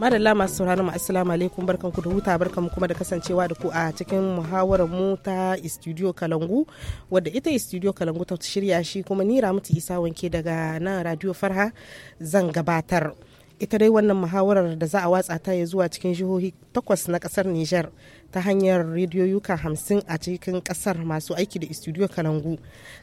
madalla masu sauraron mu assalamu alaikum barkanku da huta barkanku kuma da kasancewa da ku a cikin muhawarar mu ta studio kalangu wadda ita studio kalangu ta shirya shi kuma ni ramutu isa wanke daga nan radio farha zan gabatar ita dai wannan muhawarar da za a watsa ta ya zuwa cikin jihohi takwas na kasar Nijar ta hanyar yuka hamsin a cikin kasar masu aiki da studio Kalangu.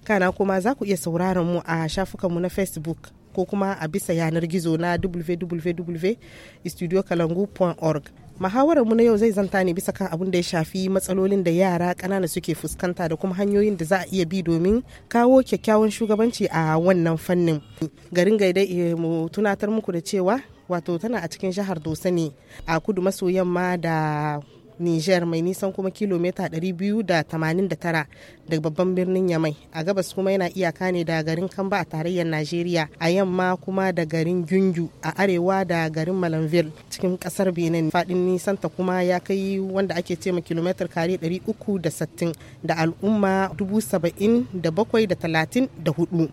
Kana kuma za ku iya sauraron mu a shafukanmu na Facebook ko kuma a bisa yanar gizo na www.studiokalangu.org muhawarar mu na yau zai zanta ne bisa kan abin da ya shafi matsalolin da yara ƙanana suke fuskanta da kuma hanyoyin da za a iya bi domin kawo kyakkyawan shugabanci a wannan fannin garin gaida eh, mu tunatar muku da cewa wato tana a cikin jihar dosa ne a kudu maso yamma da Niger mai nisan kuma kilomita 289 daga babban birnin Yamai a gabas kuma yana iyaka ne da garin Kamba a tarayyar Najeriya a yamma kuma da garin Gyungyu a arewa da garin Malanville cikin kasar Benin fadin nisan ta kuma ya kai wanda ake ce ma kilomita kare 360 da al'umma da da hudu.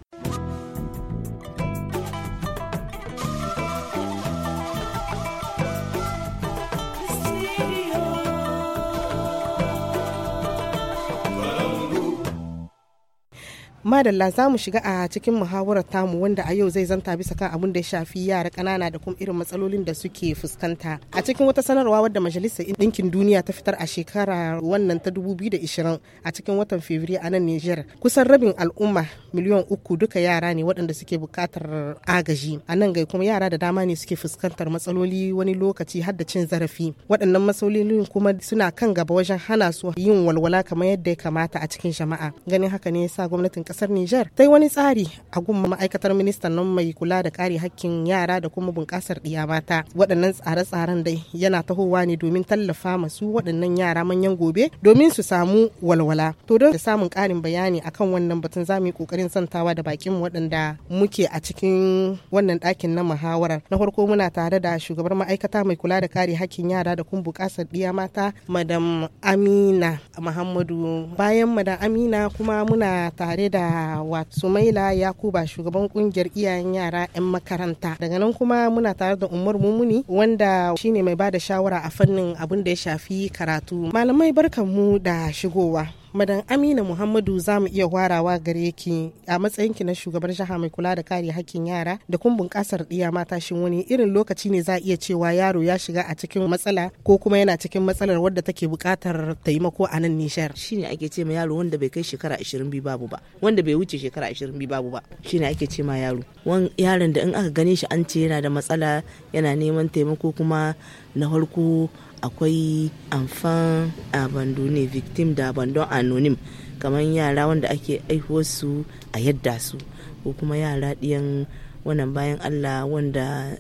madalla za mu shiga a cikin muhawarar tamu wanda a yau zai zanta bisa kan abin da ya shafi yara ƙanana da kuma irin matsalolin da suke fuskanta a cikin wata sanarwa wadda majalisar ɗinkin duniya ta fitar a shekara wannan ta 2020 a cikin watan fabrairu a nan niger kusan rabin al'umma miliyan uku duka yara ne waɗanda suke buƙatar agaji a nan gai kuma yara da dama ne suke fuskantar matsaloli wani lokaci har da cin zarafi waɗannan matsalolin kuma suna kan gaba wajen hana su yin walwala kamar yadda ya kamata a cikin jama'a ganin haka ne yasa gwamnatin kasar Nijar ta yi wani tsari a gun ma'aikatar ministan nan mai kula da kare hakkin yara da kuma bunƙasar ɗiya mata. Waɗannan tsare-tsaren dai yana tahowa ne domin tallafa masu waɗannan yara manyan gobe domin su samu walwala. To don samun ƙarin bayani akan wannan batun za mu yi ƙoƙarin santawa da bakin waɗanda muke a cikin wannan ɗakin na muhawarar. Na farko muna tare da shugabar ma'aikata mai kula da kare hakkin yara da kuma bunƙasar ɗiya mata madam Amina Muhammadu. Bayan madam Amina kuma muna tare da watsumaila wato yakuba shugaban kungiyar iyayen yara 'yan makaranta daga nan kuma muna tare da umar mumuni wanda shine mai bada shawara a fannin abin da ya shafi karatu malamai barkan mu da shigowa madan amina muhammadu za mu iya warawa gare ki a matsayinki na shugabar jiha mai kula da kare hakkin yara da kun bunƙasar ɗiya mata shin wani irin lokaci ne za iya cewa yaro ya shiga a cikin matsala ko kuma yana cikin matsalar wadda take buƙatar taimako a nan nishar shine ake ce ma yaro wanda bai kai shekara 22 babu ba wanda bai wuce shekara 22 babu ba shine ake ce ma yaro wan yaron da in aka gane shi an ce yana da matsala yana neman taimako kuma na farko akwai amfan abandone victim da abandon anonim? kamar yara wanda ake su a yadda su ko kuma yara ɗiyan wannan bayan allah wanda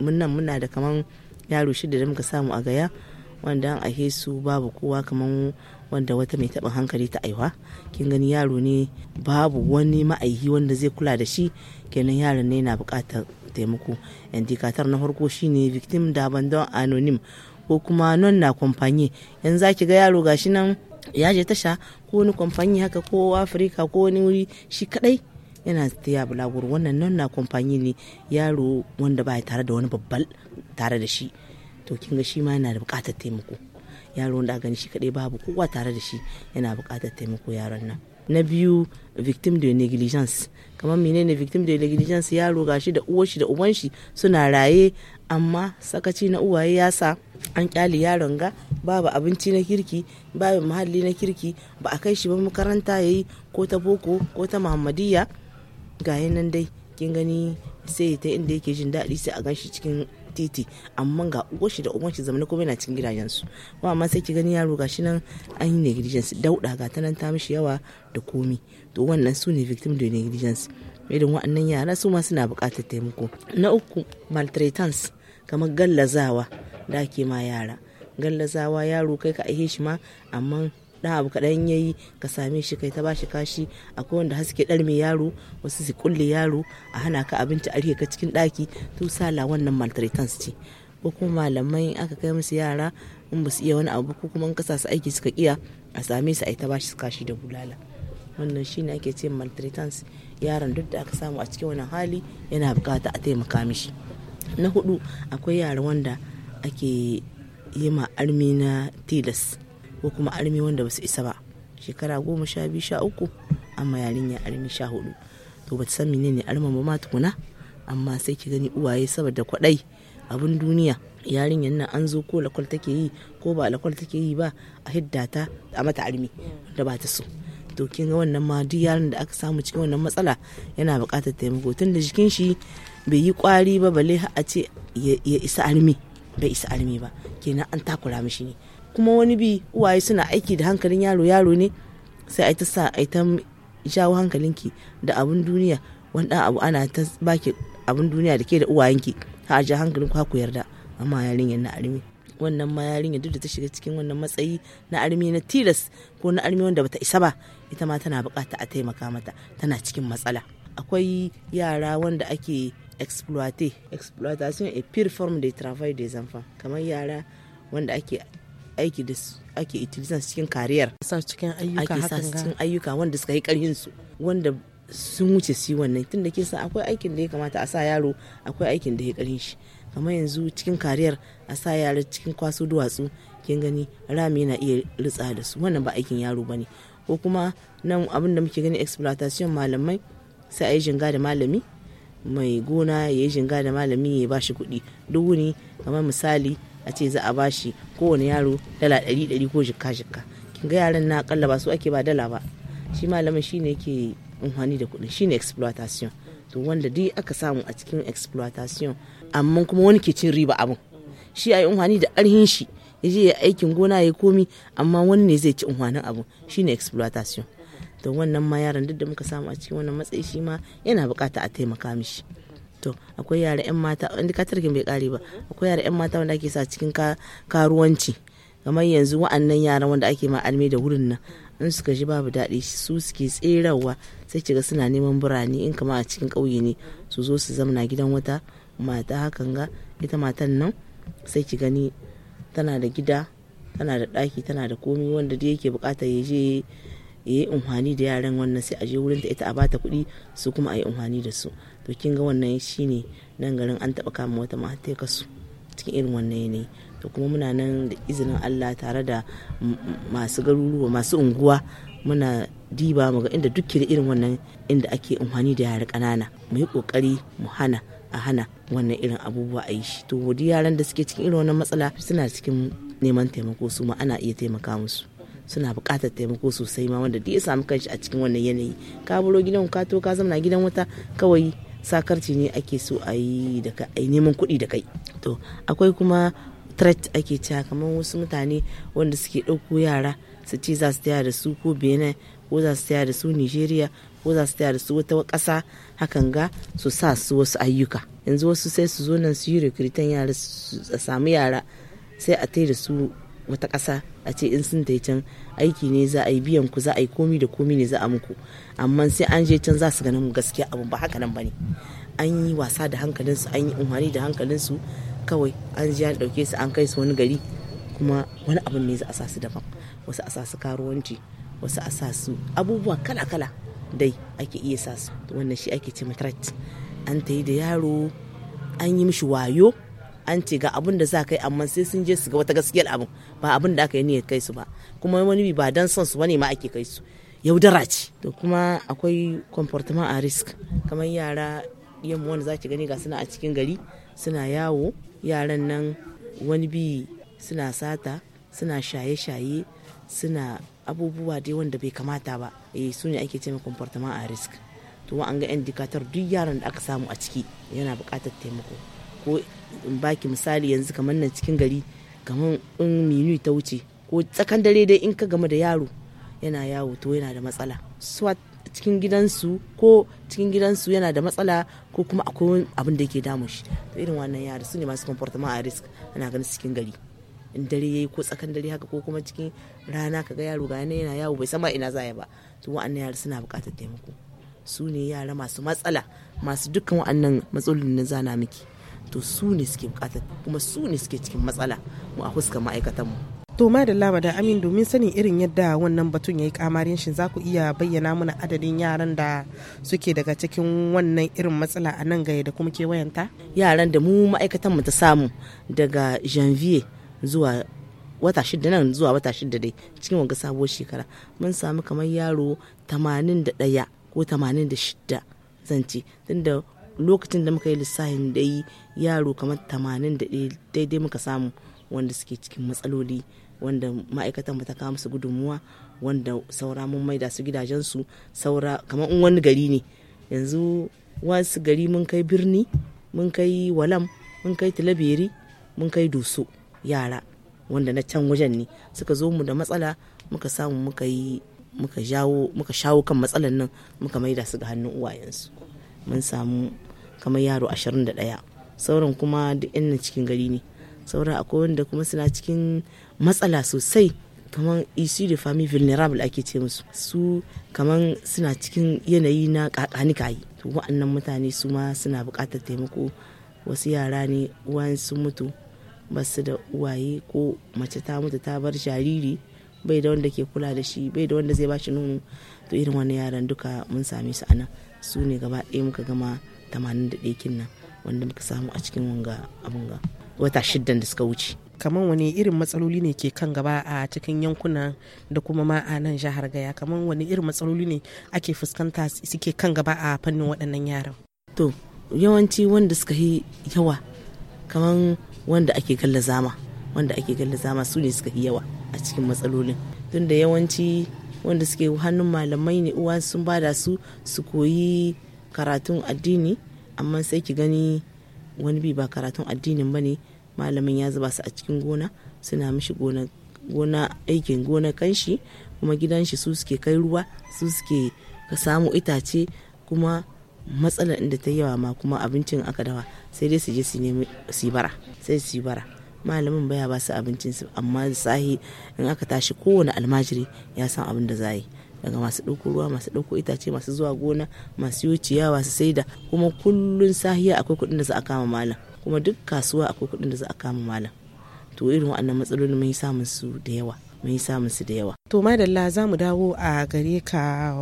munan muna da kamar yaro shida da muka samu a gaya wanda an ahe su babu kowa kamar wanda wata mai taɓin hankali ta aiwa kin gani yaro ne babu wani ma'aihi wanda zai kula da shi kenan yaron ne na buƙatar taimako indikatar na farko shine victim da abandon anonim ko kuma non na kwamfani yanzu za ki ga yaro gashi nan ya je tasha ko wani kwamfani haka ko afirka ko wani wuri shi kadai yana taya bulagur wannan non na kwamfani ne yaro wanda ba tare da wani babbal tare da shi to kin ga shi ma yana da bukatar taimako yaro wanda gani shi kadai babu kowa tare da shi yana bukatar taimako yaron nan na biyu victim de negligence kamar menene victim da negligence yaro gashi da uwar da uban shi suna raye amma sakaci na uwaye ya sa an kyale yaron ga babu abinci na kirki babu muhalli na kirki ba a kai shi ba makaranta ya yi ko ta boko ko ta muhammadiyya ga nan dai kin gani sai ta inda yake jin daɗi sai a ganshi cikin titi amma ga uwar da uban zamani na kuma yana cikin gidajensu ba amma sai ki gani yaro gashi nan an yi negligence dauda ga ta nan ta mishi yawa da komi to wannan su ne victim da negligence irin wannan yara su ma suna buƙatar taimako na uku maltratans kamar gallazawa da ake ma yara gallazawa yaro kai ka aihe shi ma amma dan abu kaɗan ya yi ka same shi kai ta bashi kashi akwai wanda haske ɗarme yaro wasu su kulle yaro a hana ka abinci a ka cikin ɗaki to sala wannan maltretans ce ko kuma malamai aka kai musu yara in ba su iya wani abu ko kuma in kasa su aiki suka iya a same su a ta bashi kashi da bulala wannan shi ne ake ce maltretans yaron duk da aka samu a cikin wannan hali yana bukata a taimaka mishi na hudu akwai yara wanda ake yi ma armi na tilas ko kuma armi wanda ba su isa ba shekara goma sha biyu sha uku amma yarinya armi sha hudu to ba ta san menene arman ba ma tukuna amma sai ki gani uwaye saboda kwaɗai abin duniya yarinyar nan an zo ko lakwal take yi ko ba lakwal take yi ba a hiddata ta a mata armi da ba ta so to kin ga wannan ma duk yaron da aka samu cikin wannan matsala yana buƙatar taimako tun da jikin shi bai yi kwari ba balle a ce ya isa armi bai isa armi ba kenan an takura mishi ne kuma wani bi uwaye suna aiki da hankalin yaro yaro ne sai a ta sa a ta jawo hankalinki da abun duniya wani ɗan abu ana ta baki abun duniya da ke da uwayenki ha ja hankalin ku yarda amma yarinyar na armi wannan ma yarinya duk da ta shiga cikin wannan matsayi na armi na tilas ko na armi wanda bata isa ba ita ma tana bukata a taimaka mata tana cikin matsala akwai yara wanda ake exploiter exploitation a pure form de travail des enfants kamar yara wanda ake aiki da ake utilizans cikin kariyar ake sa cikin ayyuka wanda suka yi karhin su wanda sun wuce su wannan tun da ke akwai aikin da ya kamata a sa yaro akwai aikin da ya karhin shi kamar yanzu cikin kariyar a sa yara cikin kwaso duwatsu kin gani rami na iya ritsa da su wannan ba aikin yaro bane ko kuma nan abin da muke gani exploitation malamai sai a yi jinga da malami mai gona ya yi jinga da malami ya ba shi kuɗi duk wuni kamar misali a ce za a bashi kowane yaro dala ɗari ɗari ko jikka jikka kin ga yaran na akalla ba su ake ba dala ba shi malamin shi ne yake amfani da kuɗin ne exploitation to wanda dai aka samu a cikin exploitation amma kuma wani ke cin riba abin shi a yi amfani da arhin shi ya je ya aikin gona ya komi amma wani ne zai ci amfanin Shi ne exploitation to wannan ma yaran duk da muka samu a cikin wannan matsayi shi ma yana bukata a taimaka mishi to akwai yara yan mata wanda ka bai kare ba akwai yara yan mata wanda ake sa cikin karuwanci kamar yanzu wa'annan yara wanda ake ma alme da wurin nan in suka ji babu daɗi su suke tserawa sai kiga suna neman birane in kama a cikin ƙauye ne su zo su zamuna gidan wata mata hakan ga ita matan nan sai ki gani tana da gida tana da ɗaki tana da komi wanda dai yake bukata ya je ya yi da yaran wannan sai a je wurin ta ita a bata kuɗi su kuma a yi unhwani da su to kin ga wannan ne nan garin an taɓa kama wata mata kasu cikin irin wannan yanayi to kuma muna nan da izinin Allah tare da masu garuruwa masu unguwa muna diba mu ga inda duk irin wannan inda ake amfani da yara ƙanana mu yi ƙoƙari mu hana a hana wannan irin abubuwa a yi shi to wadi yaran da suke cikin irin wannan matsala suna cikin neman taimako su ma ana iya taimaka musu suna buƙatar taimako sosai ma wanda duk ya samu kanshi a cikin wannan yanayi ka buro gidan ka to ka zama gidan wata kawai sakarci ne ake so a yi neman kuɗi da kai to akwai kuma threat ake cewa kamar wasu mutane wanda suke ɗauko yara su ce za su taya da su ko benin ko za su taya da su nigeria ko za su taya da su wata ƙasa hakan ga su sa su wasu ayyuka yanzu wasu sai su zo nan su yi rikiritan yara su samu yara sai a tai da su wata ƙasa a ce in sun tai can aiki ne za a yi biyan ku za a yi komi da komi ne za a muku amma sai an je can za su ganin mu gaskiya abu ba haka nan bane an yi wasa da hankalinsu an yi umarni da hankalinsu kawai an ji an ɗauke su an kai su wani gari kuma wani abin ne za a sa su daban wasu a sa su karuwanci wasu a sa su abubuwa kala-kala dai ake iya sa su wannan shi ake ce matrat an ta yi da yaro an yi mishi wayo an ce ga abin da za kai amma sai sun je su ga wata gaskiyar abin ba abin da aka yi niyyar kai su ba kuma wani bi ba dan son su bane ma ake kai su yaudara ce to kuma akwai comportement a risk kamar yara yamma wanda za gani ga suna a cikin gari suna yawo yaran nan wani bi suna sata suna shaye-shaye suna abubuwa dai wanda bai kamata ba eh su ne ake ce comportement a risk to an ga indicator duk yaran da aka samu a ciki yana buƙatar taimako ko in baki misali yanzu kamar nan cikin gari kamar in minu ta wuce ko tsakan dare dai in ka gama da yaro yana yawo to yana da matsala swat cikin gidansu ko cikin gidansu yana da matsala ko kuma akwai abin da yake damun shi to irin wannan yara su ne masu comportement a risk ana ganin cikin gari in dare yayi ko tsakan dare haka ko kuma cikin rana kaga yaro ga yana yana yawo bai san ma ina zaya ba to wa'annan yara suna buƙatar taimako su ne yara masu matsala masu dukkan wa'annan matsalolin na zana miki to su ne suke buƙatar kuma su ne suke cikin matsala mu a fuskar ma'aikatanmu To ma da labada amin domin sanin irin yadda wannan batun ya yi kamarin shi za ku iya bayyana mana adadin yaran da suke daga cikin wannan irin matsala a nan gaya da kuma kewayenta? Yaran da mu ma'aikatan mu ta samu daga janvier zuwa wata shida nan zuwa wata shida dai cikin wanga sabuwar shekara mun samu kamar yaro 81 ko 86 zance tunda lokacin da muka yi lissafin dai yaro kamar 81 daidai muka samu wanda suke cikin matsaloli wanda ma'aikatan mu ta kawo musu gudunmuwa wanda saura mun maida su gidajensu saura kamar in wani gari ne yanzu wasu gari mun kai birni mun kai walam mun kai tilaberi mun kai doso yara wanda na can wajen ne suka zo mu da matsala muka samu muka yi muka jawo muka shawo kan matsalan nan muka da su ga hannun uwayensu mun samu kamar yaro ashirin da ɗaya, sauran kuma duk yan cikin gari ne saura akwai wanda kuma suna cikin matsala sosai kamar isu da fami vulnerable ake ce musu su kamar suna cikin yanayi na kakani kayi wa'annan mutane su ma suna buƙatar taimako wasu yara ne uwan sun mutu ba su da uwaye ko mace ta mutu ta bar jariri bai da wanda ke kula da shi bai da wanda zai bashi nono to irin wani yaran duka mun same su anan su ne gaba ɗaya muka gama tamanin da kin nan wanda muka samu a cikin wanga abunga wata shiddan da suka wuce kamar wani irin matsaloli ne ke kan gaba a cikin yankuna da kuma ma a nan jihar gaya kamar wani irin matsaloli ne ake fuskanta suke kan gaba a fannin waɗannan yaran to yawanci wanda suka yi yawa kamar wanda ake galla zama wanda ake galla zama su ne suka yi yawa a cikin matsalolin tunda yawanci wanda suke hannun malamai ne uwa sun bada su su koyi karatun addini amma sai ki gani wani bi ba karatun addinin ba ne malamin ya zuba su a cikin gona suna mishi gona aikin gona kanshi kuma gidan shi su suke kai ruwa su suke ka samu itace kuma matsala inda ta yawa ma kuma abincin aka dawa sai dai su je su nemi bara sai su bara malamin baya ba su abincin su amma sahi in aka tashi kowane almajiri ya san abin da za yi daga masu ɗauko ruwa masu ɗauko itace masu zuwa gona masu yi ciyawa su da, kuma kullun sahiya akwai kuɗin da za a kama malam kuma duk kasuwa akwai kuɗin da za a kama malam to irin waɗannan matsaloli mun yi samun su da yawa mun su da yawa to madalla za mu dawo a gare ka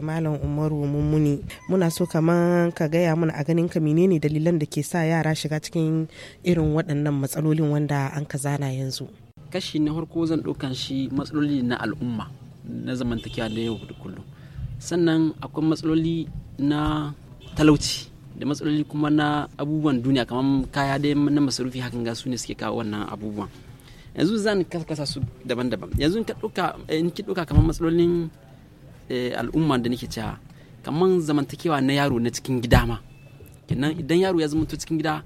malam umaru mummuni muna so kaman ka gaya mana a ganin ka menene dalilan da ke sa yara shiga cikin irin waɗannan matsalolin wanda an ka zana yanzu kashi na farko zan ɗaukan shi matsaloli na al'umma na zamantakewa da yau da kullum sannan akwai matsaloli na talauci da matsaloli kuma na abubuwan duniya kamar kaya dai na masarufi hakan ga su ne suke kawo wannan abubuwan yanzu zan kasa su daban-daban yanzu in ki ɗauka kamar matsalolin eh, al'umma da nake cewa kamar zamantakewa na yaro na cikin gida ma kenan idan yaro ya zama cikin gida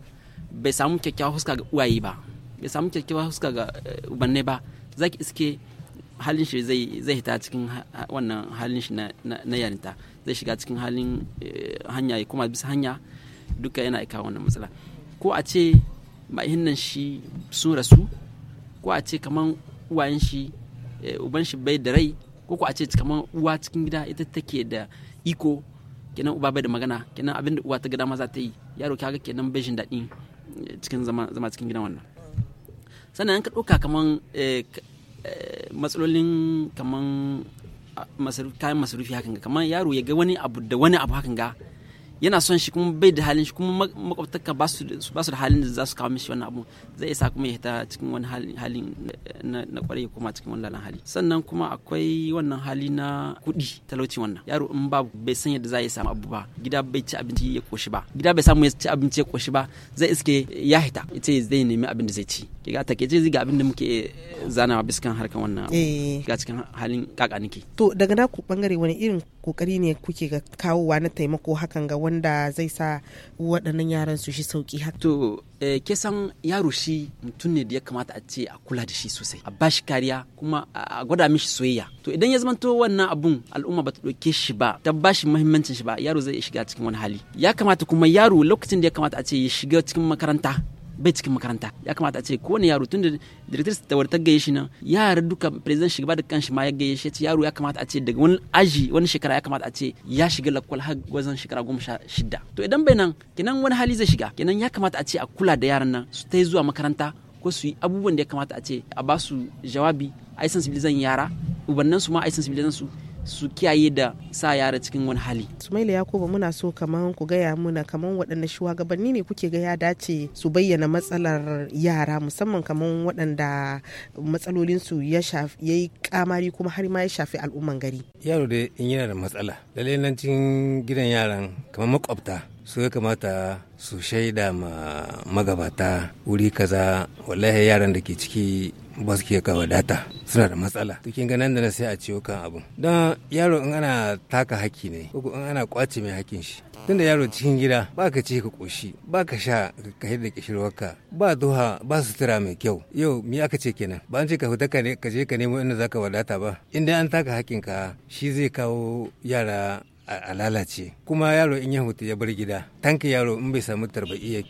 bai samu kyakkyawa huska ga uwaye ba bai samu kyakkyawa huska ga eh, ubanne ba zaki iske halin shi zai zai hita cikin wannan halin shi na yarinta zai shiga cikin halin eh, hanya ya kuma bisa hanya duka yana aika wannan matsala ko a ce ma'ahin nan shi sun rasu ko a ce kaman uwayen shi eh, uban shi bai da rai ko ko a ce kaman uwa cikin gida ita take da iko kenan uba bai da magana kenan abinda uwa ta gida ma za ta yi yaro kaga kenan bai jin daɗin eh, cikin zama cikin gidan wannan sannan ka ɗauka kaman Eh, matsalolin kaman ah, kayan masarufi hakan ga kaman yaro ya ga wani abu da wani abu hakan ga yana son shi kuma bai da halin shi kuma makwabtaka ba su da halin da za su kawo mishi wannan abu zai isa kuma ya ta cikin wani halin na kwarai ya koma cikin lalan hali sannan kuma akwai wannan hali na kuɗi talauci wannan yaro in babu bai san yadda za ya samu abu ba gida bai ci abinci ya koshi ba gida bai samu ya ci abinci ya koshi ba zai iske ya hita ita zai nemi abin da zai ci kiga ta ke ce ga abin da muke zanawa biskan harkan wannan eh. ga cikin halin kaka nake to daga na ku bangare wani irin kokari ne kuke ga kawowa na taimako hakan ga wani wanda zai sa waɗannan yaran su shi sauki haka. To eh, ke yaro shi mutum ne da ya kamata a ce a kula da shi sosai a bashi kariya kuma a gwada mishi soyayya to idan ya zamanto wannan abun al'umma bata ɗauke shi ba ta bashi muhimmancin shi ba yaro zai shiga cikin wani hali ya kamata kuma yaro lokacin da ya kamata a ce ya shiga cikin makaranta bai cikin makaranta ya kamata a ce kowane yaro tun da director ta warta gaye shi nan yara duka president ba da kanshi ma ya gaye shi yaro ya kamata a ce daga wani aji wani shekara ya kamata a ce ya shiga lakwal har wajen shekara goma sha shida to idan bai nan kenan wani hali zai shiga kenan ya kamata a ce a kula da yaran nan su ta zuwa makaranta ko su yi abubuwan da ya kamata a ce a basu jawabi a yi sensibilizan yara ubannansu ma a yi sensibilizan su su kiyaye da sa yara cikin wani hali. Sumaila Yakubu muna so kaman ku gaya muna kamar waɗanne shugabanni ne kuke ga ya dace su bayyana matsalar yara musamman kaman waɗanda matsalolin su ya yi kamari kuma har ma ya shafi al'umman gari. Yaro da in yana da matsala lallai nan cikin gidan yaran kamar makwabta su ya kamata su shaida ma magabata wuri kaza wallahi yaran da ke ciki ba su ke ka wadata suna da matsala to kin ganin da na sai a ciwo kan abun don yaro in ana taka haki ne ko in ana kwace mai hakin shi tun da yaro cikin gida ba ka ce ka koshi ba ka sha ka hidda kishirwarka ba duha ba sutura mai kyau yau mi aka ce kenan ba an ce ka fita ka je ka nemo inda zaka wadata ba inda an taka hakinka shi zai kawo yara a lalace kuma yaro in ya hutu ya bar gida tanki yaro in bai samu tarbiyyar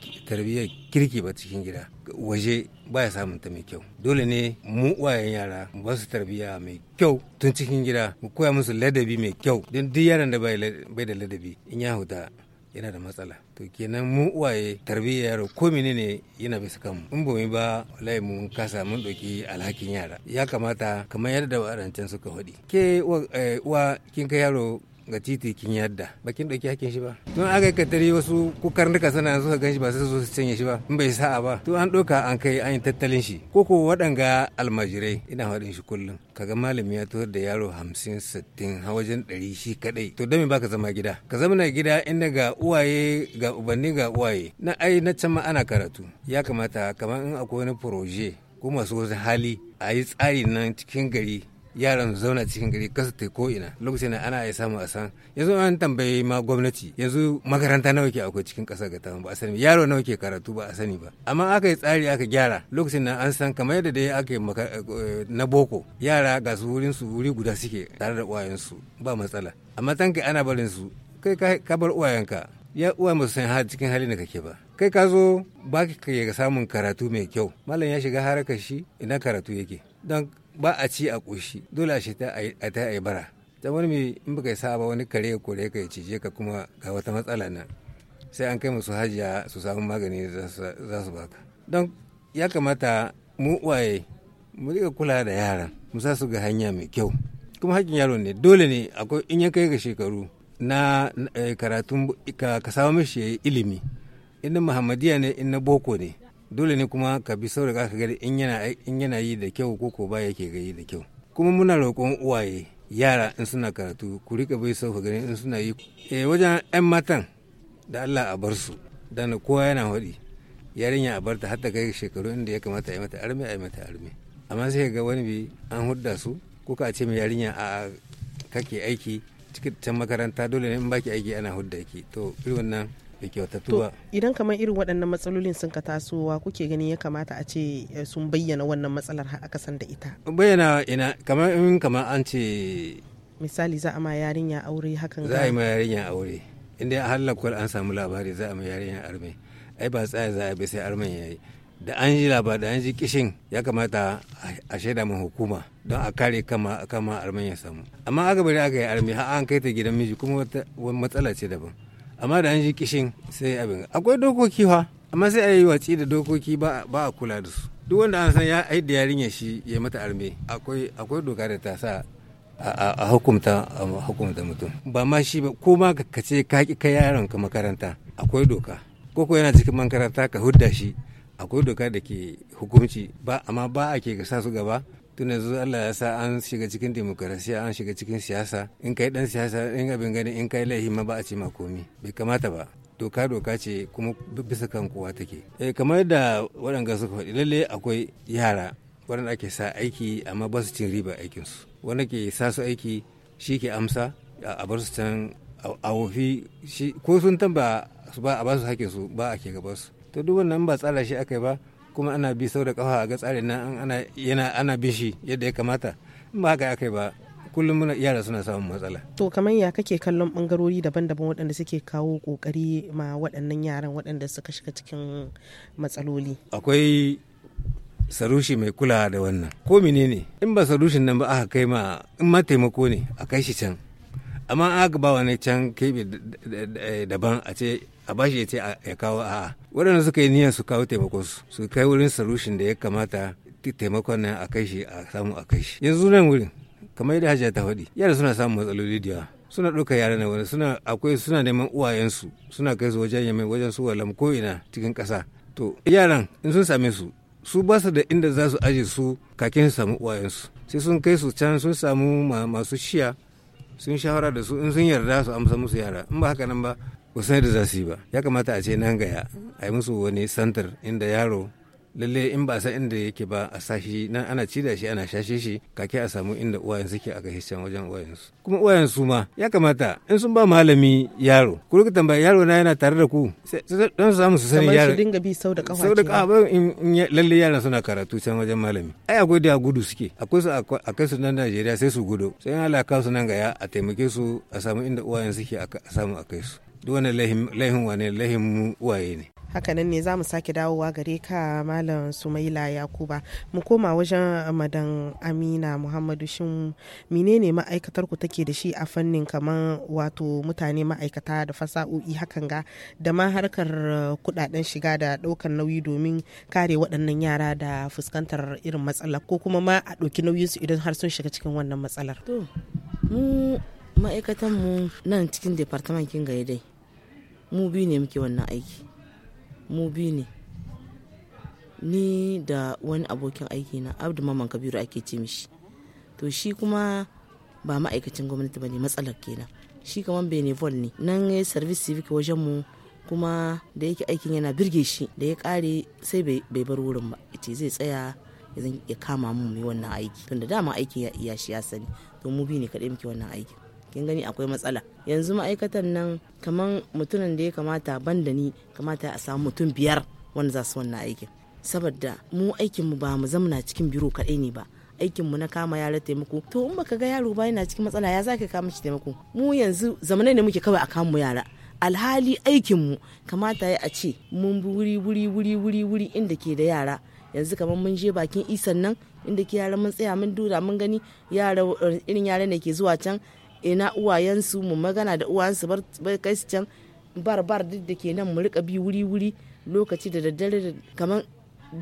kirki ba cikin gida waje baya samun ta mai kyau dole ne mu wayan yara mu ba su tarbiyya mai kyau tun cikin gida mu koya musu ladabi mai kyau don duk yaran da bai da ladabi in ya huta yana da matsala to kenan mu uwaye tarbiyya yaro ko menene yana bisa kanmu in ba ba wallahi mun kasa mun doki alhakin yara ya kamata kamar yadda wadancan suka hodi ke eh, uwa kin ka yaro ga titi kin yadda bakin dauki hakin shi ba tun aka ka tare wasu kukar duka sana su ka ganshi ba sai su canye shi ba in bai sa'a ba to an ɗauka an kai an yi tattalin shi ko ko waɗanga almajirai ina faɗin shi kullum kaga malami ya tuwar da yaro hamsin sittin wajen ɗari shi kaɗai to don me baka zama gida ka zama na gida inda ga uwaye ga ubanni ga uwaye na ai na can ma ana karatu ya kamata kamar in akwai wani proje ko masu hali a yi tsari nan cikin gari yaran zauna cikin gari kasa ta ko ina lokacin da ana iya samu a san yanzu an tambayi ma gwamnati yanzu makaranta nawa ke akwai cikin kasa ga ba a sani yaro nawa ke karatu ba a sani ba amma aka yi tsari aka gyara lokacin da an san kamar yadda dai aka eh, na boko yara ga su wurin su wuri guda suke tare da uwayensu ba matsala amma tanka ana barin su kai ka bar ka ya uwa ba san har cikin halin da kake ba kai ka zo ba ka samun karatu mai kyau malam ya shiga harakar shi ina karatu yake don ba a ci a ƙoshi dole a ta a ta yi bara ta wani mai in baka yi saba wani kare ya kore ka ya cije ka kuma ga wata matsala nan sai an kai musu hajiya su samu magani za su baka don ya kamata mu waye mu riga kula da yaran mu sa su ga hanya mai kyau kuma hakkin yaro ne dole ne akwai in ya kai ga shekaru na eh, karatun ka samu mishi ya yi ilimi in na muhammadiya ne in boko ne dole ne kuma ka bi sauraka ka gari in yana in yana yi da kyau ko ko ba yake ga yi da kyau kuma muna roƙon uwaye yara in suna karatu ku rika bai sauka gani in suna yi eh wajen 'yan matan da Allah a bar su dan kowa yana hodi yarinya a barta har ta kai shekaru inda ya kamata a yi mata arme a yi mata arme amma sai ga wani bi an hudda su ko ka ce mai yarinya a kake aiki cikin makaranta dole ne in baki aiki ana hudda ki to irin wannan da kyautattu ba idan kamar irin waɗannan matsalolin sun ka tasowa kuke ganin ya kamata a ce eh, sun bayyana wannan matsalar har aka san da ita bayyana ina kamar in kamar an ce misali za a ma yarinya aure hakan za a yi ma yarinya aure inda har lakwal an samu labari za a ma yarinya arme ai ba tsaya za a bi sai armen yi da an ji labar da an ji kishin ya kamata a shaida mu hukuma don a kare kama kama armen ya samu amma aka bari aka yi arme har an kai ta gidan miji kuma wata matsala ce daban amma da an ji kishin sai abin akwai dokoki fa amma sai a yi watsi da dokoki ba a kula da su duk wanda an san ya da yarinya shi ya mata arme akwai akwai doka da ta sa a hukumta a hukumta mutum ba ma shi ba ko ma ka ce ka ki kai yaron ka makaranta akwai doka ko ko yana cikin makaranta ka hudda shi akwai doka da ke hukunci ba amma ba a ke ka sa su gaba tun yanzu Allah ya sa an shiga cikin demokarasiya an shiga cikin siyasa in kai dan siyasa in abin gani in kai laihi ma ba a ce ma komi bai kamata ba doka doka ce kuma bisa kan kowa take eh kamar da waɗanda suka faɗi lalle akwai yara waɗanda ake sa aiki amma ba su cin riba aikin su wanda ke sa su aiki shi ke amsa a bar su can a wofi ko sun tamba ba a ba su hakkin su ba a ke gaba su to duk wannan ba tsara shi aka ba kuma ana bi sau da kafa ga tsarin nan ana yana ana bi shi yadda ya kamata in ba haka akai ba kullum muna yara suna samun matsala to kamar ya kake kallon bangarori daban-daban waɗanda suke kawo kokari ma waɗannan yaran waɗanda suka shiga cikin matsaloli akwai sarushi mai kulawa da wannan ko menene in ba sarushin nan ba aka kai ma in ma taimako ne a kai shi can amma aka ba wani can kebe daban a ce a bashi ya ce ya kawo a'a waɗanda suka yi niyyar su kawo taimako su su kai wurin solution da ya kamata taimakon na a kai shi a samu a kai shi yanzu nan wurin kamar yadda hajjata ta faɗi yara suna samun matsaloli da yawa suna ɗauka yara na wani suna akwai suna neman uwayensu suna kai su wajen yamai wajen su walam ko ina cikin ƙasa to yaran in sun same su su ba su da inda za su aje su kakin su samu uwayensu sai sun kai su can sun samu masu shiya sun shawara da su in sun yarda su amsa musu yara in ba haka nan ba ba san yadda za su yi ba ya kamata a ce nan gaya a yi musu wani santar inda yaro lalle in ba san inda yake ba a sashi nan ana cida shi ana shashe shi kake a samu inda uwayen suke a gahishen wajen su kuma uwayen su ma ya kamata in sun ba malami yaro ku rika tambaya yaro na yana tare da ku don su samu su sani yaro dinga bi sau da kafa sau da kafa in lalle yaran suna karatu can wajen malami ai akwai da gudu suke akwai su a kai su nan Najeriya sai su gudu sai Allah ya su nan ga ya a taimake su a samu inda uwayen suke a samu a kai su wani laihin wane laihin uwaye ne hakanan ne za mu sake dawowa gare ka malam sumaila yakuba mu koma wajen madan amina muhammadu shin menene ma'aikatar ku take da shi a fannin kamar wato mutane ma'aikata da fasa'o'i hakan ga da ma harkar kudaden shiga da daukar nauyi domin kare waɗannan yara da fuskantar irin matsala ko kuma ma a ɗauki nauyinsu idan har sun shiga cikin wannan matsalar. mu ma'aikatan mu nan cikin departamentin gaidai mu biyu ne muke wannan aiki mu biyu ne ni da wani abokin aiki na abdu maman kabiru ake ce mishi to shi kuma ba ma'aikacin gwamnati ba ne matsalar kenan shi kamar benevol ne nan ya service civic wajen mu kuma da yake aikin yana birge shi da ya kare sai bai bar wurin ba ce zai tsaya ya kama mu mai wannan aiki tunda dama aiki ya shi ya sani to mu biyu ne kaɗai muke wannan aiki. kin gani akwai matsala yanzu ma'aikatan nan kamar mutumin da ya kamata ban da ni kamata a samu mutum biyar wanda za su wannan aikin saboda mu aikin mu ba mu zamana cikin biro kadai ne ba aikin mu na kama yara taimako to in baka ga yaro ba yana cikin matsala ya zaka kama shi taimako mu yanzu zamanai ne muke kawai a kama yara alhali aikin mu kamata ya a ce mun wuri wuri wuri wuri wuri inda ke da yara yanzu kamar mun je bakin isan nan inda ke yara mun tsaya mun dura mun gani yara irin yara ne ke zuwa can ina uwayensu mu magana da uwayensu bar kai su can bar bar duk da ke nan mu rika bi wuri wuri lokaci da daddare kamar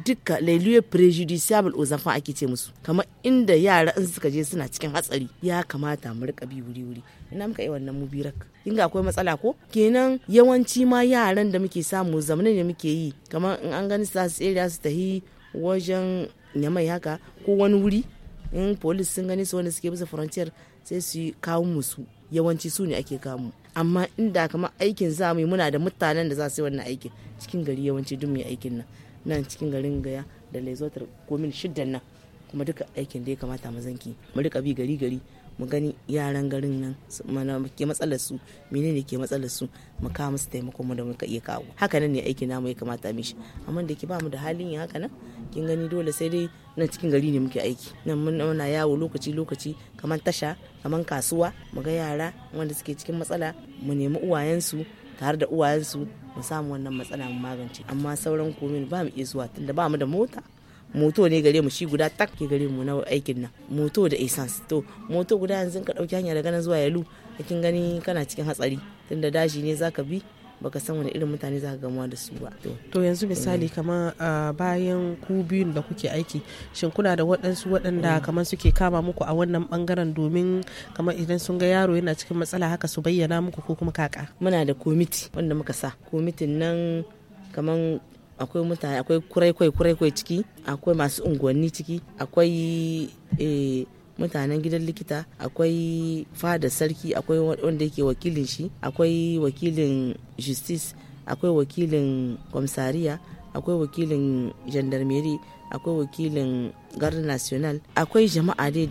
duka lailuye prejudiciable o enfants ake ce musu kamar inda yara in suka je suna cikin hatsari ya kamata mu rika bi wuri wuri ina muka yi wannan mu birak in ga akwai matsala ko kenan yawanci ma yaran da muke samu zamani da muke yi kamar in an gani sa su tsere su tahi wajen nyamai haka ko wani wuri in polis sun gani su wanda suke bisa frontier sai su kawo musu yawanci su ne ake kamu amma inda kama aikin za mu yi muna da mutanen da za su yi wannan aikin cikin gari yawanci duk mai aikin nan nan cikin garin gaya da laizotar komin shiddan nan kuma duka aikin da ya kamata mazanki mu rika bi gari gari mu gani yaran garin nan mana ke matsalar su menene ke matsalar su mu kawo musu taimakon mu da muka iya kawo haka nan ne aikin namu ya kamata mu shi amma da ke ba mu da halin yin haka nan kin gani dole sai dai nan cikin gari ne muke aiki nan na yawo lokaci lokaci kamar tasha kamar kasuwa mu ga yara wanda suke cikin matsala mu nemi uwayensu tare da uwayensu mu samu wannan matsala mu magance amma sauran komin ba mu iya zuwa tunda ba mu da mota moto ne gare mu shi guda tak ke gare mu na aikin nan moto da essence to moto guda yanzu ka dauki hanya daga nan zuwa yalu kin gani kana cikin hatsari tunda daji ne zaka bi baka san wani irin mutane zaka ka gamuwa da su ba. To yanzu misali mm. kamar bayan ku biyun da kuke aiki shin kuna da waɗansu waɗanda mm. kamar suke kama muku a wannan bangaren domin kamar idan sun ga yaro yana cikin matsala haka su bayyana muku ko kuma kaka. Muna da komiti wanda muka sa komitin nan kamar akwai mutane akwai kurai kwai ciki akwai masu unguwanni ciki akwai eh, mutanen gidan likita akwai fada sarki akwai wanda yake wakilin shi akwai wakilin justice akwai wakilin komisariya akwai wakilin gendarmerie akwai wakilin garda national akwai jama'a dai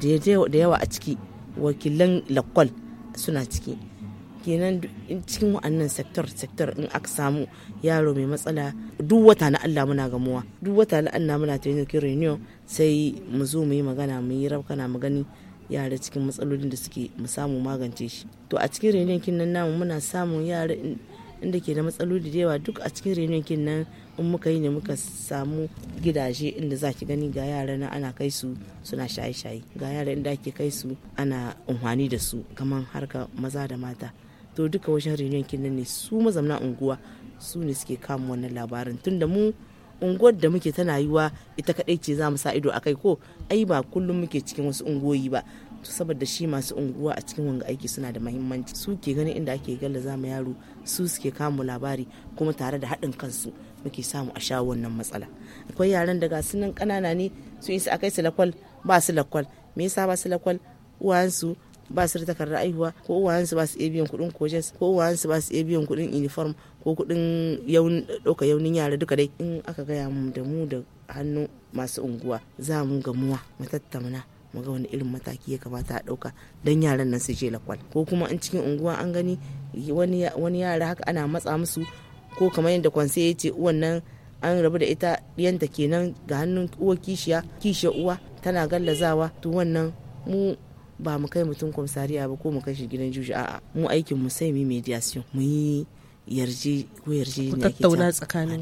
da yawa a ciki wakilan lakwal suna ciki kenan cikin wa'annan sektor sektor in aka samu yaro mai matsala duk wata na Allah muna gamuwa duk wata na Allah muna yi reunion sai mu zo mu yi magana mu yi rabkana mu gani yara cikin matsalolin da suke mu samu magance shi to a cikin reunion kin nan namu muna samun yara inda ke da matsaloli da yawa duk a cikin reunion kin nan in muka yi ne muka samu gidaje inda za ki gani ga yara na ana kai su suna shaye-shaye ga yara inda ake kai su ana amfani da su kamar harka maza da mata to duka wajen reunion kin ne su mazamna unguwa su ne suke kama wannan labarin tunda mu unguwar da muke tana yiwa ita kadai ce za mu sa ido akai ko ai ba kullum muke cikin wasu unguwoyi ba to saboda shi masu unguwa a cikin wanga aiki suna da mahimmanci su ke ganin inda ake za mu yaro su suke kama labari kuma tare da haɗin kansu muke samu a sha wannan matsala akwai yaran daga sunan ƙanana ne su isa akai su lakwal ba su lakwal me yasa ba su lakwal uwansu ba su da takardar aihuwa ko uwayensu ba su iya biyan kuɗin kojes ko uwayensu ba su iya biyan kuɗin uniform ko kuɗin ɗauka yaunin yara duka dai in aka gaya mu da mu da hannu masu unguwa za mu gamuwa mu tattamna mu ga wani irin mataki ya kamata a ɗauka don yaran nan su je lakwal ko kuma in cikin unguwa an gani wani yara haka ana matsa musu ko kamar yadda kwanse ya ce uwan nan an rabu da ita ɗiyanta kenan ga hannun uwa kishiya kishiya uwa tana gallazawa to wannan mu ba mu kai mutum komisariya ba ko mu kai shi gidan juji a'a mu aikin mu sai mu mediation mu yi yarje ko yarje ne tattauna tsakanin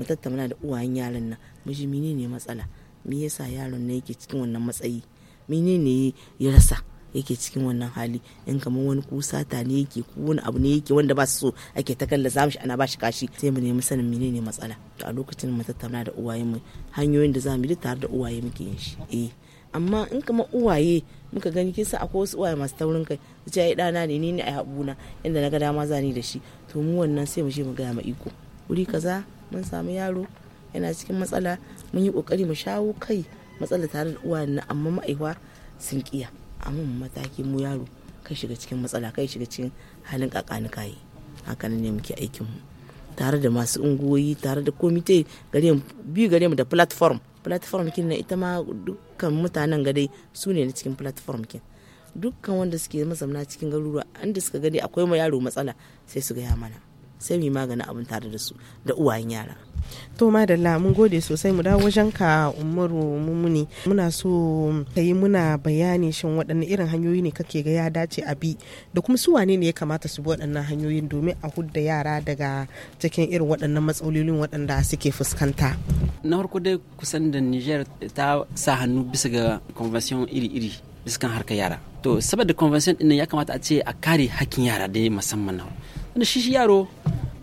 mu tattauna da uwayen yaron nan mu ji menene matsala me yasa yaron nan yake cikin wannan matsayi menene ya rasa yake cikin wannan hali in kamar wani kusa ta ne yake ko wani abu ne yake wanda ba su so ake ta kalla mu shi ana ba shi kashi sai mu nemi sanin menene matsala to a lokacin mu tattauna da uwaye mu hanyoyin da za mu yi tare da uwaye muke yin shi eh amma in kama uwaye muka gani kin sa akwai wasu uwaye masu taurin kai su ce ai dana ne ni ne a abuna inda na ga dama ni da shi to mu wannan sai mu je mu gaya ma iko wuri kaza mun samu yaro yana cikin matsala mun yi kokari mu shawo kai matsala tare da uwayen na amma ma'aikwa sun kiya amma mataki mu yaro kai shiga cikin matsala kai shiga cikin halin kakani kayi haka ne muke aikin mu tare da masu ungoyi tare da komite gare mu biyu gare mu da platform platform kin na ita ma dukkan mutanen gadai su ne na cikin platform kin dukkan wanda suke mazauna cikin garuruwa an da suka gani akwai ma yaro matsala sai su gaya mana sai mu yi magana abin tare da su da uwayen yara to madalla mun gode sosai mu dawo wajen ka umaru mumuni muna so ka yi muna bayani shin waɗanne irin hanyoyi ne kake ga ya dace a bi da kuma su wane ne ya kamata su bi waɗannan hanyoyin domin a hudda yara daga cikin irin waɗannan matsalolin waɗanda suke fuskanta na farko dai kusan da niger ta sa hannu bisa ga convention iri-iri bisa harkar yara to saboda convention ɗin ya kamata a ce a kare hakkin yara dai musamman na wanda shi yaro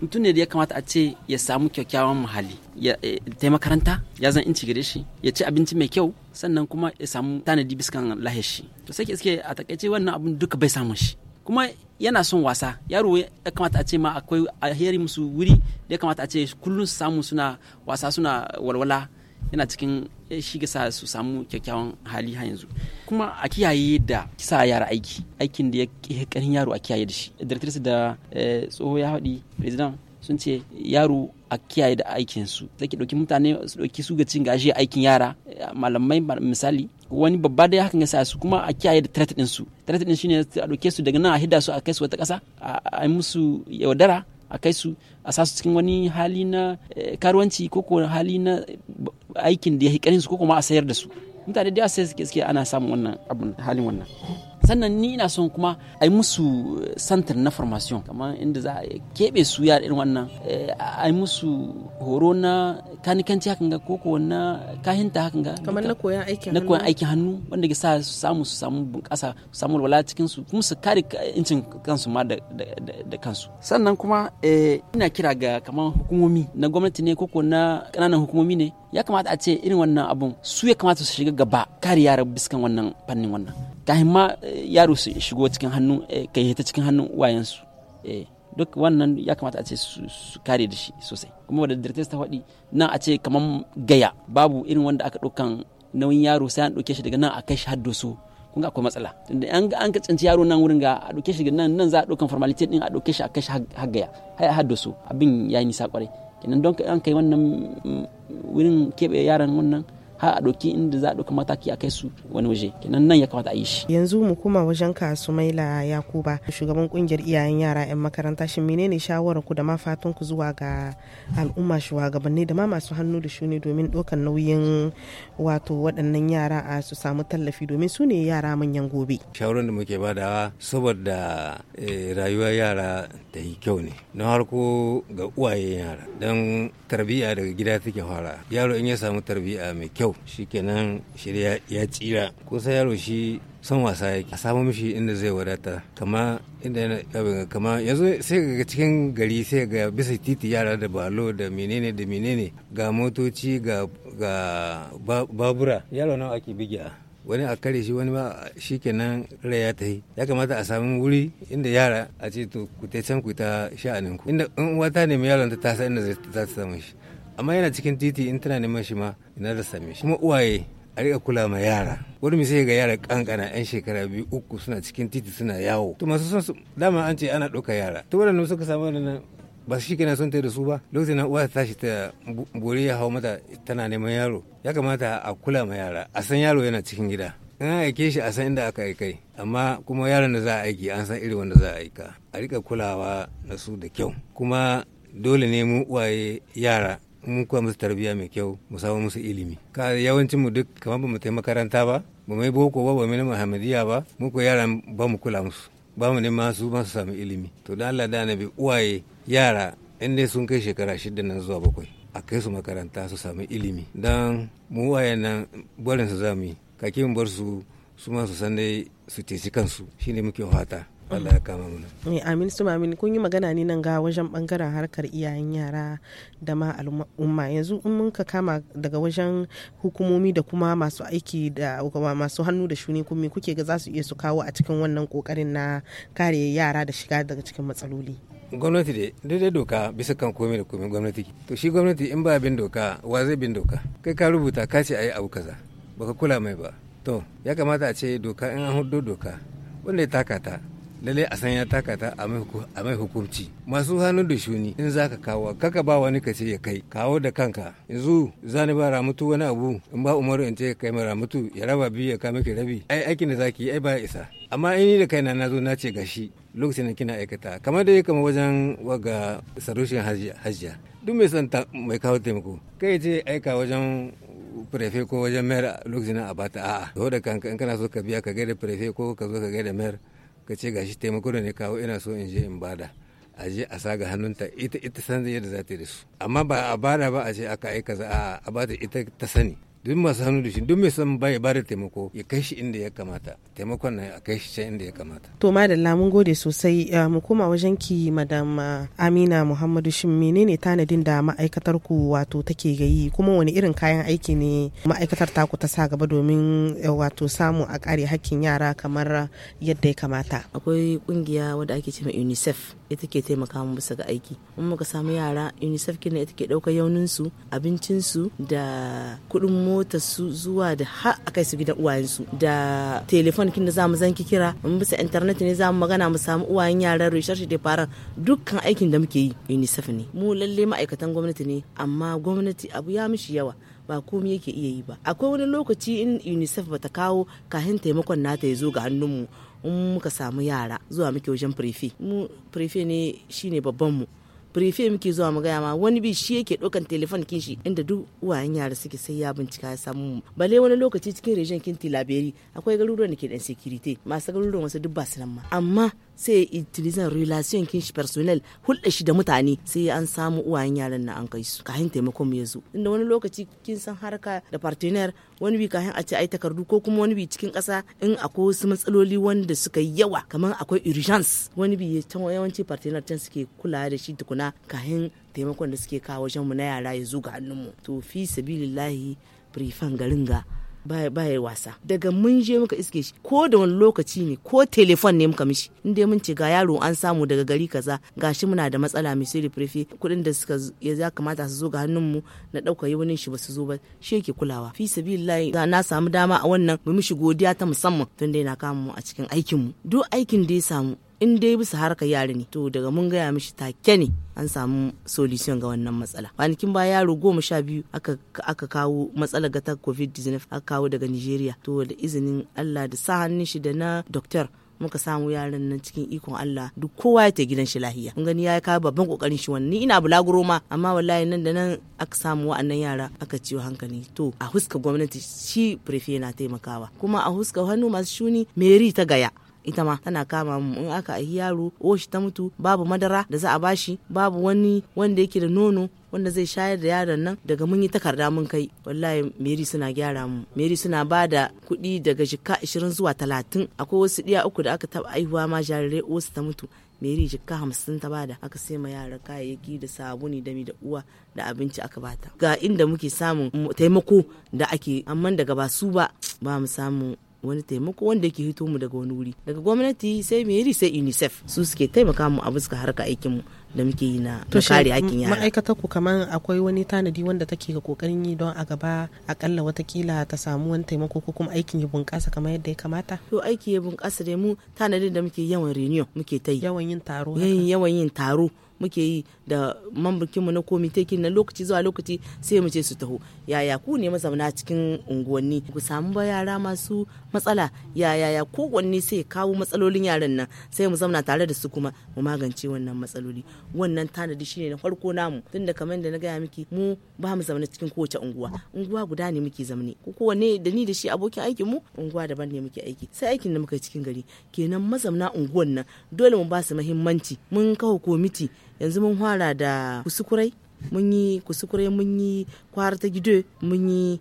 mutum ne da ya kamata a ce ya samu kyakkyawan muhalli ya eh, ta makaranta ya zan inci gare shi ya ci abinci mai kyau sannan kuma ya samu tanadi biskan lahiyar shi to sai iske a takaice wannan abin duka bai samun shi kuma yana son wasa yaro ya kamata a ce ma akwai a musu wuri da ya kamata a ce kullum su samu suna wasa suna walwala yana cikin eh, shi ga sa su samu kyakkyawan hali ha yanzu kuma a kiyaye da sa yara aiki aikin da ya karin yaro a kiyaye da shi directors da eh, tsoho ya haɗi president sun ce yaro a kiyaye da aikin su sai ki dauki mutane su dauki su ga cin gashi aikin yara malamai misali wani babba da ya hakan ya sa su kuma a kiyaye da threat din su threat din shine a dauke su daga nan a hidda su a kai su wata kasa a yi musu yaudara a kai su a sa su cikin wani hali na eh, karuwanci ko ko hali na aikin da ya hikarin su ko kuma a sayar da su mutane da sai suke suke ana samun wannan abun halin wannan sannan ni ina son kuma a yi musu eh, center na formation kamar inda za a keɓe su ya irin wannan eh, a yi musu horo na kanikanci hakan ga koko na kahinta hakan ga kamar na koyan aikin hannu na koyan aikin hannu wanda ke sa su samu su samu bunƙasa su samu walwala cikin su kuma su kare incin kansu ma da, kansu sannan kuma eh, ina kira ga kamar hukumomi na gwamnati ne koko na ƙananan hukumomi ne ya kamata a ce irin wannan abun su ya kamata su shiga gaba kare yara biskan wannan fannin wannan kahin ma eh, yaro su shigo cikin hannu eh, kai ta cikin hannun wayansu eh duk wannan ya kamata a ce su kare da shi sosai kuma da directors ta faɗi nan a ce kamar gaya babu irin wanda aka ɗaukan nauyin yaro sai an ɗauke shi daga nan a kai shi haddo su kun ga akwai matsala tunda an ga an ka tsinci yaro nan wurin ga a ɗauke shi daga nan nan za a ɗaukan formality din a ɗauke shi a kai shi har gaya har haddo su abin yi nisa kwarai kenan don an kai wannan mm, wurin keɓe yaran wannan har a ɗauki inda za a ɗauka mataki a kai su wani waje kenan nan ya kamata a yi shi yanzu mu kuma wajen ka sumaila yakuba shugaban kungiyar iyayen yara yan makaranta shin menene shawarar ku da ma fatan ku zuwa ga al'umma shugabanni da ma masu hannu da shuni domin ɗaukar nauyin wato waɗannan yara a su samu tallafi domin su ne yara manyan gobe shawarar da muke badawa saboda eh, rayuwar yara ta yi kyau ne na harko ga uwayen yara don tarbiyya daga gida take fara yaro in ya samu tarbiyya mai kyau yaro shikenan shirya ya tsira kusa yaro shi son wasa yake a samu mishi inda zai wadata kama inda yana kama yanzu sai ga cikin gari sai ga bisa titi yara da balo da menene da menene ga motoci ga babura yaro nawa ake bigya wani a kare shi wani ba shi kenan rai ya ta yi ya kamata a sami wuri inda yara a ce to ku ta can ku ta sha'aninku inda in wata ne mai yaron ta tasa inda zai ta samu shi amma yana cikin titi in tana neman shi ma ina da same shi kuma uwaye a riƙa kula ma yara wani misali ga yara kankana yan shekara biyu uku suna cikin titi suna yawo to masu son su dama an ce ana ɗauka yara to waɗannan suka samu waɗannan ba su kana son ta da su ba lokacin na uwa ta tashi ta bori ya hau mata tana neman yaro ya kamata a kula ma yara a san yaro yana cikin gida in an aike shi a san inda aka aika amma kuma yaron da za a aiki an san irin wanda za a aika a rika kulawa na su da kyau kuma dole ne mu uwaye yara mu kuwa musu tarbiyya mai kyau mu samu musu ilimi ka yawancin mu duk kamar ba mu tai makaranta ba ba mai boko ba ba mai na muhammadiyya ba mu ko yara ba mu kula musu ba mu neman su ba su samu ilimi to da Allah da annabi uwaye yara in dai sun kai shekara shida nan zuwa bakwai a kai su makaranta su samu ilimi dan mu uwaye nan barin su zamu yi kake mu bar su su ma su san dai su teci kansu shine muke fata Allah mhm. ya kama mana. Amin su amin kun yi magana ne nan ga wajen bangaren harkar iyayen yara da ma al'umma yanzu in mun ka kama daga wajen hukumomi da kuma masu aiki da masu hannu da shuni kuma kuke ga za su iya su kawo a cikin wannan kokarin na kare yara da shiga daga cikin matsaloli. Gwamnati dai daidai doka bisa kan komai da komai gwamnati. To shi gwamnati in ba bin doka wa zai bin doka? Kai ka rubuta ka ce a yi abu kaza baka kula mai ba. To ya kamata a ce doka in an hudu doka wanda ya taka ta lalle a san ya taka ta a mai hukumci. masu hannu da shuni in za ka kawo kaka ba wani ka ce ya kai kawo da kanka yanzu ni ba ramutu wani abu in ba umaru in ce ka kai ma ramutu ya raba biyu ya kama ki rabi ai aikin da zaki ai ba isa amma in ni da kaina na zo na ce gashi lokacin da kina aikata kamar da ya kama wajen waga sarushin hajiya duk mai son mai kawo taimako kai ce aika wajen prefe ko wajen mayar lokacin a bata a'a da kanka in kana so ka biya ka gaida prefe ko ka zo ka gaida mayar ka ce gashi taimako da ne kawo ina so in je in bada a je a saga hannunta ita ita san yadda za ta da su amma ba a bada ba a ce aka aika za a bata ita ta sani duk masu hannu da shi duk mai ba ya ba da taimako ya kai shi inda ya kamata taimakon na ya kai shi can inda ya kamata to madalla mun gode sosai eh, mu koma wajen ki madam eh, amina muhammadu shin menene tanadin da ma'aikatar ku wato take gayi kuma wani irin kayan aiki ne ma'aikatar ta ku ta sa gaba domin eh, wato samu a kare hakkin yara kamar yadda ya kamata akwai kungiya wadda ake cewa unicef ita ke taimaka mu bisa ga aiki in muka samu yara unicef kina ita ke ɗaukar yaunin su abincin su da kuɗin mota su zuwa da ha a kai su gidan uwayensu da telefon kin da za mu zanki kira mun bisa internet ne za mu magana mu samu uwayen yaran research da dukkan aikin da muke yi UNICEF ne mu lalle ma'aikatan gwamnati ne amma gwamnati abu ya mishi yawa ba komai yake iya yi ba akwai wani lokaci in unicef bata kawo kahin taimakon nata ya zo ga hannunmu in muka samu yara zuwa muke wajen prefe mu prefe ne shine babban mu. prefe muke zuwa mu gaya ma wani bi shi yake ɗaukan telefon kin shi inda duk uwayen yara suke sai ya bincika ya samu mu bale wani lokaci cikin region kin tilaberi akwai garuruwan da ke dan security masu garuruwan wasu duk ba ma amma sai utilizan relation kin shi personnel hulɗa shi da mutane sai an samu uwayen yaran na an kai su kahin taimakon mu ya yazo inda wani lokaci kin san harka da partner wani bi kahin a ce ai takardu ko kuma wani bi cikin ƙasa in akwai wasu matsaloli wanda suka yi yawa kamar akwai urgence wani bi yawanci partner can suke kula da shi tukuna kahin taimakon da suke kawo wajen mu na yara ya zo ga hannun mu to fi sabilillahi firifan garin ga baya wasa daga mun je muka iske shi ko da wani lokaci ne ko telefon ne muka mishi in dai mun ce ga yaro an samu daga gari kaza gashi muna da matsala mai sai prefe kuɗin da suka ya kamata su zo ga hannun mu na ɗauka yi wani shi ba su zo ba shi yake kulawa fi sabilillahi na samu dama a wannan mu mishi godiya ta musamman tun dai na kama mu a cikin aikin mu duk aikin da ya samu in dai bisa harka yari ne to daga mun gaya mishi take ne an samu solution ga wannan matsala kwanakin ba yaro goma sha biyu aka kawo matsalar gatar covid-19 aka kawo daga nigeria to da izinin allah da sa hannun shi da na doctor muka samu yaran nan cikin ikon Allah duk kowa ya ta gidan shi lahiya mun gani yayi ka babban kokarin shi wannan ina bulaguro ma amma wallahi nan da nan aka samu wa'annan yara aka ciwo hankali to a huska gwamnati shi prefe na taimakawa kuma a huska hannu masu shuni meri ta gaya ita ma tana kama mu in aka ahi yaro oshi ta mutu babu madara da za a bashi babu wani wanda yake da nono wanda zai shayar da yaron nan daga mun yi takarda mun kai wallahi meri suna gyara mu meri suna ba da kuɗi daga jikka 20 zuwa 30 akwai wasu ɗiya uku da aka taɓa aihuwa ma jarirai wasu ta mutu meri jikka hamsin ta bada aka sai ma yara kayayyaki da sabuni da mi da uwa da abinci aka bata ga inda muke samun taimako da ake amma daga ba ba ba mu samu wani taimako wanda yake hito mu daga wani wuri daga gwamnati sai meri sai unicef su suke taimaka mu a buska harka mu da muke yi na kare hakkin yara ma'aikatar ku kaman akwai wani tanadi wanda take ga kokarin yi don a gaba akalla watakila ta samu wani taimako ko kuma aikin ya bunƙasa kamar yadda ya kamata to aiki ya bunƙasa da mu tanadin da muke yawan reunion muke ta yi yawan yin taro eh, yawan yin taro muke yi da mambakinmu na komitekin na lokaci zuwa lokaci sai mu je su taho yaya ku ne mazauna cikin unguwanni ku samu ba yara masu matsala yaya ya kowanne sai kawo matsalolin yaran nan sai mu zauna tare da su kuma mu magance wannan matsaloli wannan tanadi shine na farko namu tunda kamar da na gaya miki mu ba mu zauna cikin kowace unguwa unguwa guda ne muke zamani. ko kowanne da ni da shi abokin aikin mu unguwa daban ne muke aiki sai aikin da muka cikin gari kenan mazauna unguwan nan dole mu ba su muhimmanci mun kawo komiti yanzu mun hwara da kusukurai mun yi kusukurai mun yi kwara ta gido mun yi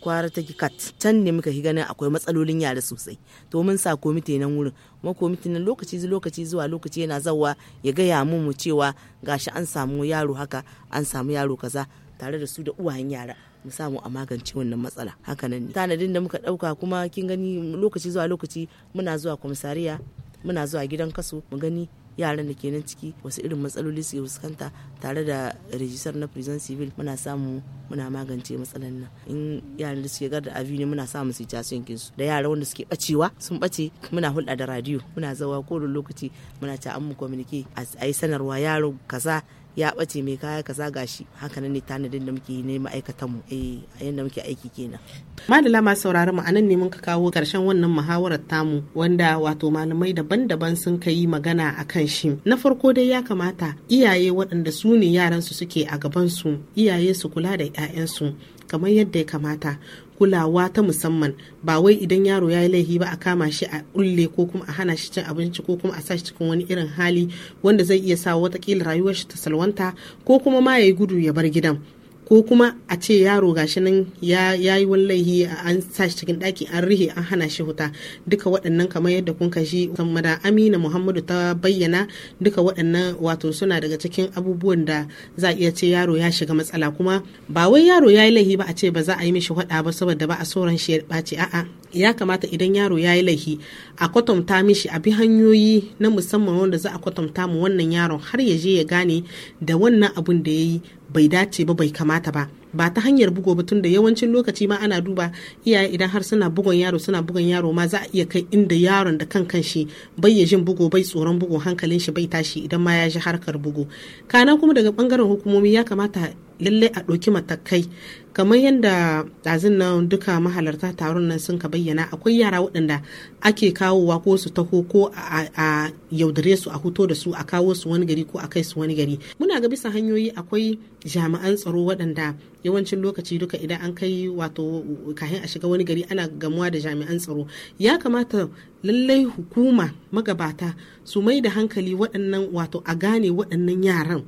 kwara ta gikat can ne muka ganin akwai matsalolin yara sosai to mun sa komite nan wurin kuma komite nan lokaci zuwa lokaci zuwa lokaci yana zawa ya gaya mun mu cewa gashi an samu yaro haka an samu yaro kaza tare da su da uwayen yara mu samu a magance wannan matsala hakanan ne tanadin da muka dauka kuma kin gani lokaci zuwa lokaci muna zuwa komisariya muna zuwa gidan kaso mu gani yaran da ke nan ciki wasu irin matsaloli suke fuskanta tare da rijistar na prison civil muna samu muna magance matsalan nan in yaran da suke garda avi ne muna samu su yankin su da yaran wanda suke bacewa sun bace muna hulɗa da radio muna zawa kowane lokaci muna ta an mu communicate a yi sanarwa yaro kaza ya ɓace mai kaya kaza gashi haka ne tanadin da muke yi ne ma'aikatan mu eh yanda muke aiki kenan madala ma sauraron mu anan ne mun ka kawo karshen wannan muhawarar tamu wanda wato malamai daban-daban sun kai magana akan shi na farko dai ya kamata iyaye waɗanda su ne yaran su suke a gaban su iyaye su kula da 'ya'yansu kamar yadda ya kamata kulawa ta musamman ba wai idan yaro ya yi laifi ba a kama shi a kulle ko kuma a hana shi cin abinci ko kuma a sa shi cikin wani irin hali wanda zai iya sa watakila rayuwar shi ta salwanta ko kuma ma ya yi gudu ya bar gidan ko kuma a ce yaro gashi nan ya yi wallahi an sa shi cikin ɗaki an rihe an hana shi huta duka waɗannan kamar yadda kun kashi mada amina muhammadu ta bayyana duka waɗannan wato suna daga cikin abubuwan da za a iya ce yaro ya shiga matsala kuma ba wai yaro ya yi laihi ba a ce ba za a yi mishi faɗa ba saboda ba a soran shi ya ɓaci a'a ya kamata idan yaro ya yi laihi a kwatanta mishi a bi hanyoyi na musamman wanda za a kwatanta mu wannan yaron har ya je ya gane da wannan abun da ya yi bai dace ba bai kamata 他吧。ba ta hanyar bugo ba tunda yawancin lokaci ma ana duba iyaye idan har suna bugon yaro suna bugon yaro ma za a iya kai inda yaron da kan kanshi bai ya bugo bai tsoron bugo hankalin shi bai tashi idan ma ya ji harkar bugo kana kuma daga bangaren hukumomi ya kamata lallai a ɗauki matakai kamar yadda ɗazin nan duka mahalarta taron nan sun ka bayyana akwai yara waɗanda ake kawowa ko su taho ko a yaudare su a huto da su a kawo su wani gari ko a kai su wani gari muna ga bisa hanyoyi akwai jami'an tsaro waɗanda yawancin lokaci duka idan an kai wato kahin a shiga wani gari ana gamuwa da jami'an tsaro ya kamata lallai hukuma magabata su mai da hankali waɗannan wato a gane waɗannan yaran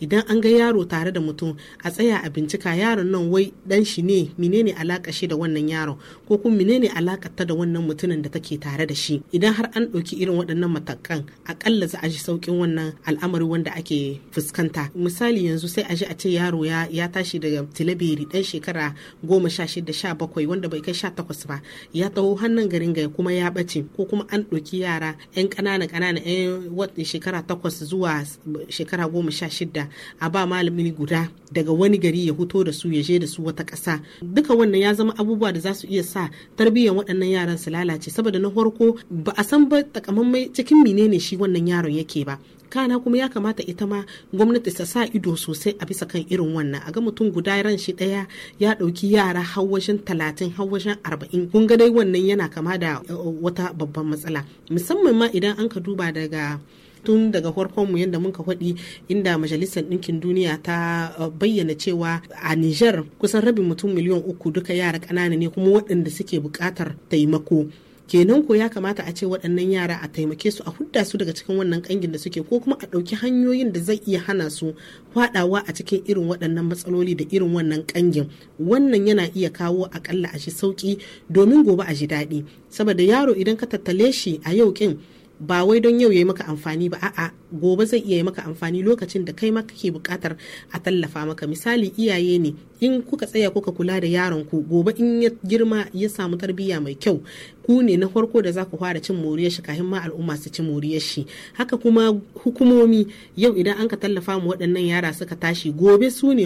idan an ga yaro tare da mutum a tsaya a bincika yaron nan wai dan shi ne menene alaka shi da wannan yaron ko kuma menene alaka ta da wannan mutumin da take tare da shi idan har an ɗauki irin waɗannan matakan akalla za a ji saukin wannan al'amari wanda ake fuskanta misali yanzu sai a ji a ce yaro ya ya tashi daga tilabiri dan shekara goma sha shida sha bakwai wanda bai kai sha takwas ba ya taho hannun garin gaya kuma ya ɓace ko kuma an ɗauki yara 'yan ƙanana ƙanana 'yan shekara takwas zuwa shekara goma sha shida a ba malami guda daga wani gari ya huto da su ya je da su wata ƙasa duka wannan ya zama abubuwa da za su iya sa tarbiyyar waɗannan yaran su lalace saboda na farko ba a san ba takamammai cikin menene shi wannan yaron yake ba kana kuma ya kamata ita ma gwamnati ta sa ido sosai a bisa kan irin wannan a ga mutum guda ran shi daya ya dauki yara hawashin talatin hawashin arba'in kun ga dai wannan yana kama da eh, wata babban matsala musamman ma idan an ka duba daga tun daga farkon mu yadda muka faɗi inda majalisar ɗinkin duniya ta uh, bayyana cewa a Nijar kusan rabin mutum miliyan uku duka yara ƙanana ne kuma waɗanda suke buƙatar taimako. kenan ko ya kamata a ce waɗannan yara a taimake su a hudda su daga cikin wannan ƙangin da suke ko kuma a ɗauki hanyoyin da zai iya hana su faɗawa a cikin irin waɗannan matsaloli da irin wannan ƙangin. wannan yana iya kawo kalla a shi sauki domin gobe a ji daɗi saboda yaro idan ka tattale shi a yau kin ba wai don yau ya yi maka amfani ba a'a gobe zai iya yi maka amfani lokacin da kai ma kake bukatar a tallafa maka misali iyaye ne in kuka tsaya kuka kula da yaron ku gobe in ya girma ya samu tarbiyya mai kyau ku ne na farko da za ku fara cin moriyar shi kafin ma al'umma su ci moriyar shi haka kuma hukumomi yau idan an ka tallafa mu waɗannan yara suka tashi gobe su ne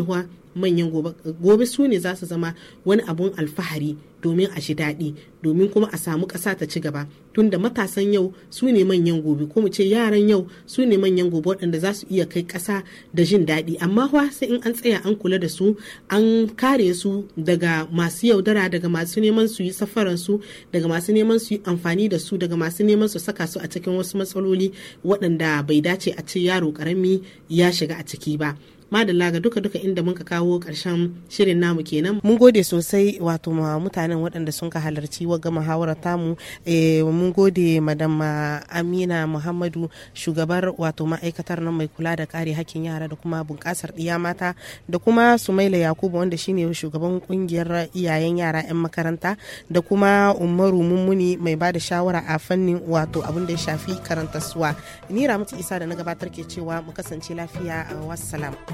manyan gobe gobe su ne za su zama wani abun alfahari domin a shi daɗi domin kuma a samu ƙasa ta ci gaba tunda matasan yau su ne manyan gobe ko mu ce yaran yau su ne manyan gobe waɗanda za su iya kai ƙasa da jin daɗi amma fa sai in an tsaya an kula da su an kare su daga masu yaudara daga masu neman su yi safaran su daga masu neman su yi amfani da su daga masu neman su saka su a cikin wasu matsaloli waɗanda bai dace a ce yaro ƙarami ya shiga a ciki ba madalla ga duka duka inda muka kawo karshen shirin namu kenan mun gode sosai wato ma mutanen waɗanda sun ka halarci ga muhawara tamu eh, mun gode madam amina muhammadu shugabar wato ma'aikatar nan mai kula da kare hakkin yara da kuma bunƙasar ɗiya mata da kuma sumaila yakubu wanda shine shugaban kungiyar iyayen yara 'yan makaranta da kuma umaru mummuni mai ba da shawara a fannin wato abin da ya shafi karantarsuwa ni ramatu isa da na gabatar ke cewa mu kasance lafiya a wassalam